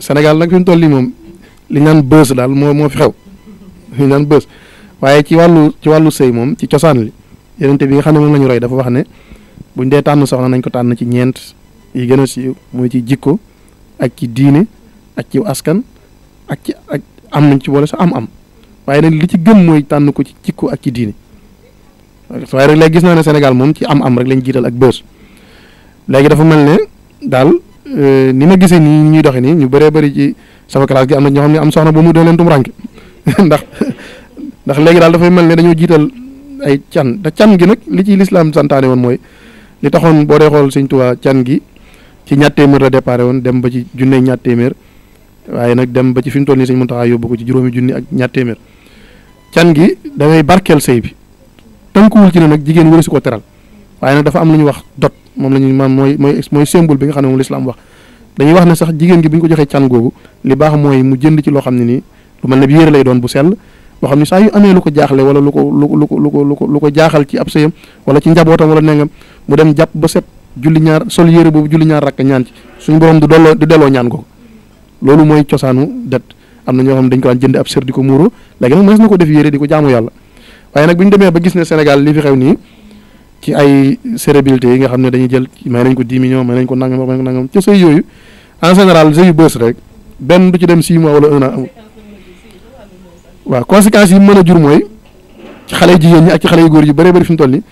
senegal nag fi ñu toll nii moom li ñu naan bës daal moo moo fi xew li ñu naan bës waaye ci wàllu ci wàllu sëy moom ci cosaan li yenente bi nga xam ne moom la roy dafa wax ne buñ dee tànn soxna nañ ko tànn ci ñeent yi gën a siiw mooy ci jikko ak ci diine ak ci askan ak ci ak am nañ ci boole sa am-am waaye nag li ci gën mooy tànn ko ci jikko ak ci diine waaye rek léegi gis naa ne senegal moom ci am-am rek lañ jiital ak bës léegi dafa mel ne daal Euh, ni ma gisee nii ñuy doxee nii ñu bëree bari ci sama classe gi am na ñoo xam ne am soxna ba mu doon leen tum ndax ndax léegi daal dafay mel ne dañoo jiital ay can te can gi nag li ci lislaam santaane woon mooy li taxoon boo dee xool Sëñ Tuubaa can gi ci ñatt téeméer la déparé woon dem ba ci junne ñatt téeméer waaye nag dem ba ci fi mu toll nii Sëñ Muntaxa yóbbu ko ci juróomi junni ak ñatt can gi da ngay barkeel sëy bi tënkuwul ci ne nag jigéen wëri su ko teral waaye nag dafa am lu ñu moom la ñuy maam mooy mooy mooy symbole bi nga xam ne moom lislaam wax dañuy wax ne sax jigéen gi bu ñu ko joxee can googu li baax mooy mu jënd ci loo xam ne nii lu mel ne bi yére lay doon bu sell boo xam ne sax yu amee lu ko jaaxle wala lu ko lu ko lu lu ko lu ko jaaxal ci ab sëyam wala ci njabootam wala nengam mu dem jàpp ba set julli ñaar sol yére boobu julli ñaar rakk ñaan ci suñu borom du delloo du ñaan googu loolu mooy cosaanu det am na ñoo xam ne dañ ko daan jënd ab sër di ko muuro léegi nag mënees na ko def yére di ko jaamu yàlla waaye nag bu ñu demee ba gis ne Sénégal li fi xew nii ci ay célébrité yi nga xam ne dañuy jël may nañ ko di millions may nañ ko nangam may nañ ko nangam sëy yooyu en général sëy bës rek benn du ci dem 6 mois wala 1 an amul waaw conséquences yi mën a jur mooy ci xale jigéen ñi ak ci xale yu góor yu bare bëri fi mu toll nii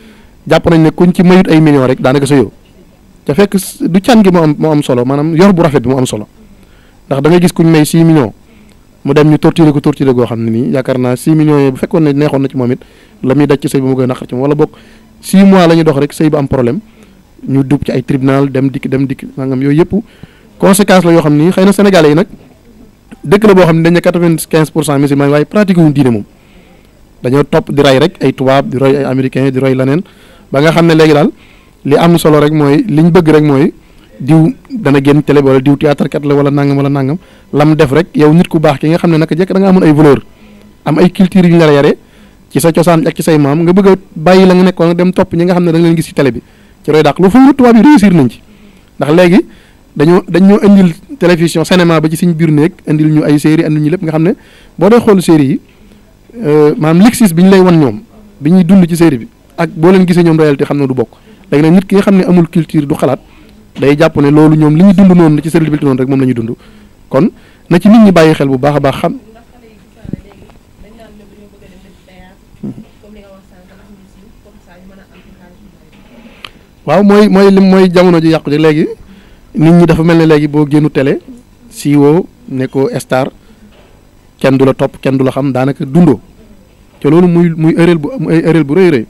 jàpp nañ ne kuñ ci mayut ay million rek daanaka sëyoo te fekk du can gi moo am moo am solo maanaam yor bu rafet bi moo am solo ndax da nga gis kuñ may 6 millions mu dem ñu torturé ko torturé xam ne yaakaar naa 6 bu fekkoon ne na ci moom it la muy daj ci sëy bi wala bokk six mois la ñu dox rek sëy ba am problème ñu dugg ci ay tribunal dem dikk dem dikk nangam yooyu yëpp conséquence la yoo xam ni xëy na sénégalais yi nag dëkk la boo xam ne dañ ne quatre pour cent musulman waaye pratique wuñ diine moom dañoo topp di rey rek ay tubaab di roy ay américain di roy leneen ba nga xam ne léegi daal li am solo rek mooy liñ bëgg rek mooy diw dana génn télé wala diw théâtre kat la wala nangam wala nangam lam def rek yow nit ku baax ki nga xam ne naka jekk danga nga amoon ay valeur am ay culture yu ñu la ci sa cosaan ak ci say maam nga bëgg bàyyi la nga nekkoon dem topp ñi nga xam ne da nga leen gis ci télé bi ci roy dàq ndax léegi dañoo dañoo indil télévision cinéma ba ci suñ biir néeg indil ñu ay série andil ñu lépp nga xam ne boo dee xool série yi euh, maanaam lexis bi ñu lay wan ñoom bi ñuy dund ci série bi ak boo leen gisee ñoom réalité xam ne du bokk léegi nag nit ki nga xam ne amul culture du xalaat day jàpp loolu ñoom li ñu dund noonu ci série bi noonu rek moom lañuy ñu dund kon na ci nit ñi bàyyi xel bu baax a baax xam waaw mooy mooy lim mooy jamono ji yàqu ji léegi nit ñi dafa mel ne léegi boo génnu télé siiwoo nekkoo star kenn du la topp kenn du la xam daanaka dundoo te loolu muy muy erreur bu muy erreur bu rëy rëy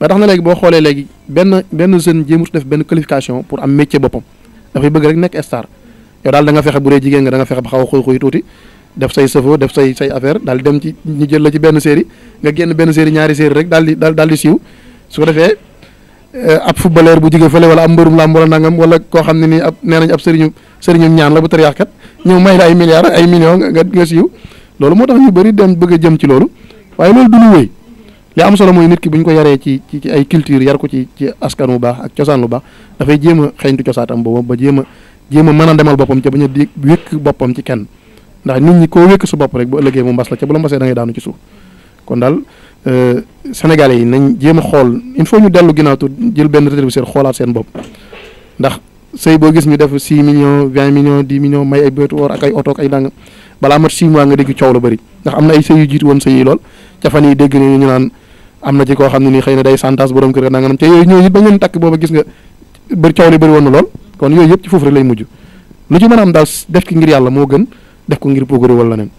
ba tax boo xoolee léegi benn benn jeune jéemut def benn qualification pour am métier boppam dafay bëgg rek nekk star yow da nga fexe dee jigéen nga da nga fexe ba xaw a xuy xuy tuuti def say sëfo def say say affaire daal dem ci ñu jël la ci benn série nga génn benn série ñaari série rek daal di daal di siiw su ko defee eh, ab footballeur bu jóge fële wala ab mbërum làmb wala nangam wala koo xam ne nii ab nee nañ ab sëriñu sëriñu ñaan la bu tariyax kat ñëw may la ay milliards ay millions nga nga siiw loolu moo tax ñu bëri dem bëgg a jëm ci loolu waaye loolu du lu wéy li am solo mooy nit ki bu ñu ko yaree ci ci ay culture yar ko ci ci askan wu baax ak cosaan lu baax dafay jéem a xeeñtu cosaatam boobu ba jéem a jéem a mën a demal boppam ci bañ ñu di wékk boppam ci kenn ndax nit ñi koo wékk su bopp rek bu ëllëgee mu mbas la ca bu la mbasee da daanu ci suuf kon Euh, Sénégalais yi nañ jéem a xool il faut ñu dellu ginnaaw tuut jël benn rétroviseur xoolaat seen bopp ndax sëy boo gis ñu def 6 millions 20 millions 10 millions may ay bëtu or ak ay oto ak ay danga balaa mat 6 mois nga dégg coow lu bëri ndax am na ay sëy yu jiitu woon sëy yi dégg ñu naan am na ci koo xam ne nii xëy na day santas borom kër ga nangam te yooyu ñooñu it ba ngeen takk booba gis nga bëri coow li bëri woon lool kon yooyu yëpp ci foofu rek lay mujj lu ci mën a am daal def ki ngir yàlla moo gën def ko ngir progrès wala leneen